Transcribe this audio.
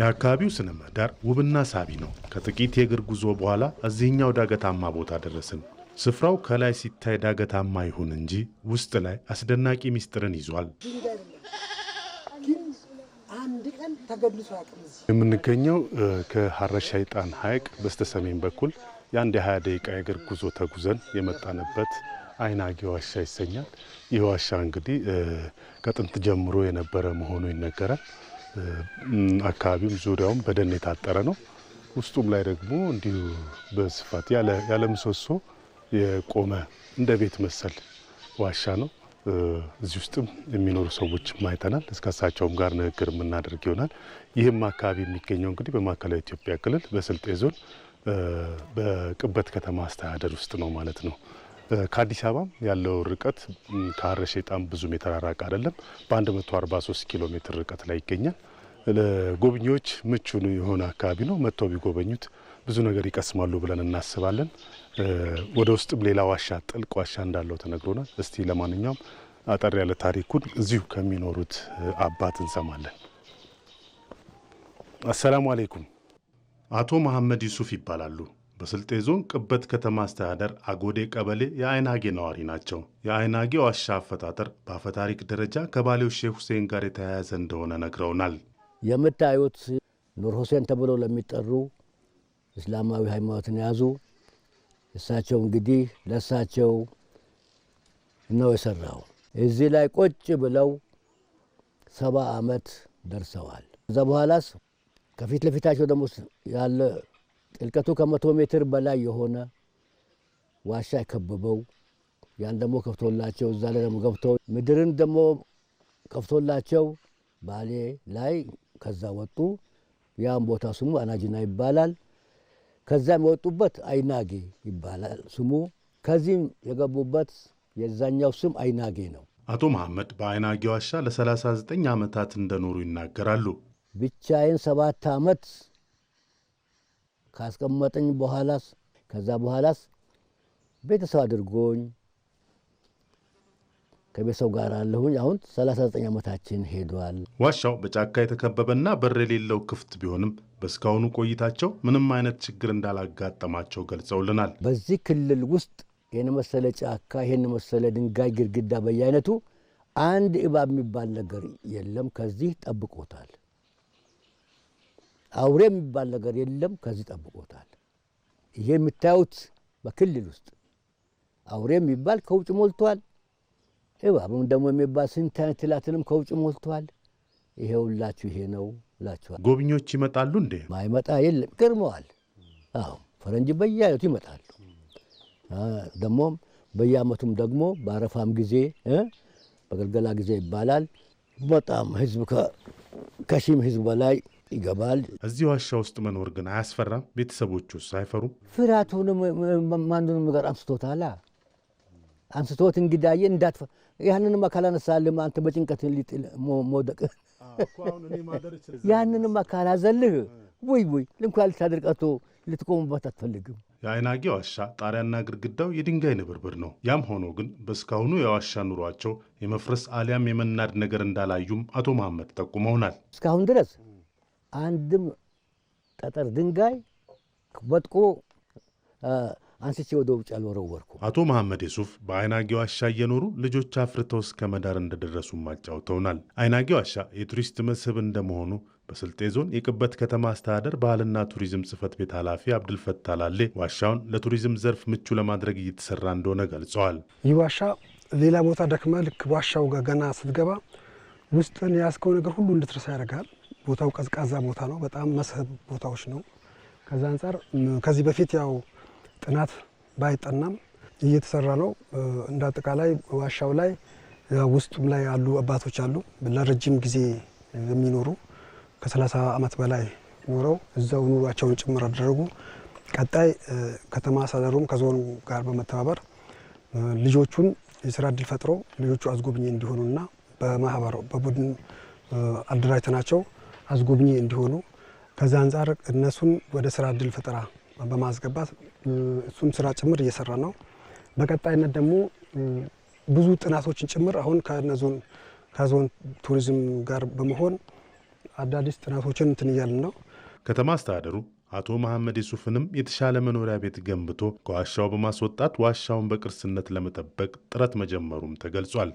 የአካባቢው ስነ ምህዳር ውብና ሳቢ ነው። ከጥቂት የእግር ጉዞ በኋላ እዚህኛው ዳገታማ ቦታ ደረስን። ስፍራው ከላይ ሲታይ ዳገታማ ይሁን እንጂ ውስጥ ላይ አስደናቂ ምስጢርን ይዟል። የምንገኘው ከሀረሻይጣን ሸይጣን ሐይቅ በስተሰሜን በኩል የአንድ የ20 ደቂቃ የእግር ጉዞ ተጉዘን የመጣንበት አይናጌ ዋሻ ይሰኛል። ይህ ዋሻ እንግዲህ ከጥንት ጀምሮ የነበረ መሆኑ ይነገራል። አካባቢውም ዙሪያውም በደን የታጠረ ነው። ውስጡም ላይ ደግሞ እንዲሁ በስፋት ያለ ምሰሶ የቆመ እንደ ቤት መሰል ዋሻ ነው። እዚህ ውስጥም የሚኖሩ ሰዎች አይተናል። እስከሳቸውም ጋር ንግግር የምናደርግ ይሆናል። ይህም አካባቢ የሚገኘው እንግዲህ በማዕከላዊ ኢትዮጵያ ክልል በስልጤ ዞን በቅበት ከተማ አስተዳደር ውስጥ ነው ማለት ነው። ከአዲስ አበባ ያለው ርቀት ከሀረ ሸይጣን ብዙም የተራራቀ አይደለም። በ143 ኪሎ ሜትር ርቀት ላይ ይገኛል። ለጎብኚዎች ምቹ የሆነ አካባቢ ነው። መጥተው ቢጎበኙት ብዙ ነገር ይቀስማሉ ብለን እናስባለን። ወደ ውስጥም ሌላ ዋሻ ጥልቅ ዋሻ እንዳለው ተነግሮናል። እስቲ ለማንኛውም አጠር ያለ ታሪኩን እዚሁ ከሚኖሩት አባት እንሰማለን። አሰላሙ አሌይኩም። አቶ መሐመድ ዩሱፍ ይባላሉ። በስልጤ ዞን ቅበት ከተማ አስተዳደር አጎዴ ቀበሌ የአይናጌ ነዋሪ ናቸው። የአይናጌ ዋሻ አፈጣጠር በአፈታሪክ ደረጃ ከባሌው ሼህ ሁሴን ጋር የተያያዘ እንደሆነ ነግረውናል። የምታዩት ኑር ሁሴን ተብለው ለሚጠሩ እስላማዊ ሃይማኖትን የያዙ እሳቸው እንግዲህ ለእሳቸው ነው የሰራው። እዚህ ላይ ቁጭ ብለው ሰባ ዓመት ደርሰዋል። ከዛ በኋላስ ከፊት ለፊታቸው ደግሞ ያለ ጥልቀቱ ከመቶ ሜትር በላይ የሆነ ዋሻ የከበበው ያን ደግሞ ከፍቶላቸው እዛ ላይ ደግሞ ገብቶ ምድርን ደግሞ ከፍቶላቸው ባሌ ላይ ከዛ ወጡ። ያን ቦታ ስሙ አናጅና ይባላል። ከዛ የሚወጡበት አይናጌ ይባላል ስሙ። ከዚህም የገቡበት የዛኛው ስም አይናጌ ነው። አቶ መሐመድ በአይናጌ ዋሻ ለ39 ዓመታት እንደኖሩ ይናገራሉ። ብቻዬን ሰባት ዓመት ካስቀመጠኝ በኋላስ ከዛ በኋላስ ቤተሰብ አድርጎኝ ከቤተሰብ ጋር አለሁኝ። አሁን 39 ዓመታችን ሄዷል። ዋሻው በጫካ የተከበበና በር የሌለው ክፍት ቢሆንም በእስካሁኑ ቆይታቸው ምንም አይነት ችግር እንዳላጋጠማቸው ገልጸውልናል። በዚህ ክልል ውስጥ ይህን መሰለ ጫካ፣ ይህን መሰለ ድንጋይ ግድግዳ፣ በየአይነቱ አንድ እባብ የሚባል ነገር የለም። ከዚህ ጠብቆታል። አውሬ የሚባል ነገር የለም። ከዚህ ጠብቆታል። ይሄ የምታዩት በክልል ውስጥ አውሬ የሚባል ከውጭ ሞልቷል። እባብም ደግሞ የሚባል ስንት አይነት ትላትንም ከውጭ ሞልቷል። ሁላችሁ ይሄ ነው ላችኋል። ጎብኞች ይመጣሉ እንዴ? ማይመጣ የለም። ገርመዋል። አዎ ፈረንጅ በየአይነቱ ይመጣሉ። ደግሞ በየአመቱም ደግሞ በአረፋም ጊዜ በገልገላ ጊዜ ይባላል። በጣም ህዝብ ከሺም ህዝብ በላይ ይገባል። እዚህ ዋሻ ውስጥ መኖር ግን አያስፈራም? ቤተሰቦች ውስጥ አይፈሩም? ፍርሃቱንም ማንንም ነገር አንስቶታላ አንስቶት እንግዳዬ እንዳት ያንንም ካላነሳልህ አንተ በጭንቀት መውደቅ ያንንም ካላዘልህ ወይ ወይ ልንኳ ልታደርቀቶ ልትቆሙበት አትፈልግም። የአይናጌ ዋሻ ጣሪያና ግድግዳው የድንጋይ ንብርብር ነው። ያም ሆኖ ግን በእስካሁኑ የዋሻ ኑሯቸው የመፍረስ አሊያም የመናድ ነገር እንዳላዩም አቶ መሐመድ ጠቁመውናል። እስካሁን ድረስ አንድም ጠጠር ድንጋይ ወጥቆ አንስቼ ወደ ውጭ አልወረወርኩ። አቶ መሐመድ የሱፍ በአይናጌው ዋሻ እየኖሩ ልጆች አፍርተው እስከ መዳር እንደደረሱም አጫውተውናል። አይናጌው ዋሻ የቱሪስት መስህብ እንደመሆኑ በስልጤ ዞን የቅበት ከተማ አስተዳደር ባህልና ቱሪዝም ጽህፈት ቤት ኃላፊ አብዱልፈታ ላሌ ዋሻውን ለቱሪዝም ዘርፍ ምቹ ለማድረግ እየተሰራ እንደሆነ ገልጸዋል። ይህ ዋሻ ሌላ ቦታ ደክመ ልክ ዋሻው ጋር ገና ስትገባ ውስጥን ያስከው ነገር ሁሉ እንድትረሳ ያደርጋል። ቦታው ቀዝቃዛ ቦታ ነው። በጣም መስህብ ቦታዎች ነው። ከዛ አንጻር ከዚህ በፊት ያው ጥናት ባይጠናም እየተሰራ ነው። እንደ አጠቃላይ ዋሻው ላይ ውስጡም ላይ ያሉ አባቶች አሉ ለረጅም ጊዜ የሚኖሩ ከ30 ዓመት በላይ ኖረው እዛው ኑሯቸውን ጭምር አደረጉ። ቀጣይ ከተማ አስተዳደሩም ከዞኑ ጋር በመተባበር ልጆቹን የስራ እድል ፈጥሮ ልጆቹ አስጎብኚ እንዲሆኑና በማህበር በቡድን አደራጅተናቸው አስጎብኚ እንዲሆኑ ከዛ አንጻር እነሱን ወደ ስራ እድል ፈጠራ በማስገባት እሱም ስራ ጭምር እየሰራ ነው። በቀጣይነት ደግሞ ብዙ ጥናቶችን ጭምር አሁን ከነዞን ከዞን ቱሪዝም ጋር በመሆን አዳዲስ ጥናቶችን እንትን እያልን ነው። ከተማ አስተዳደሩ አቶ መሐመድ ዩሱፍንም የተሻለ መኖሪያ ቤት ገንብቶ ከዋሻው በማስወጣት ዋሻውን በቅርስነት ለመጠበቅ ጥረት መጀመሩም ተገልጿል።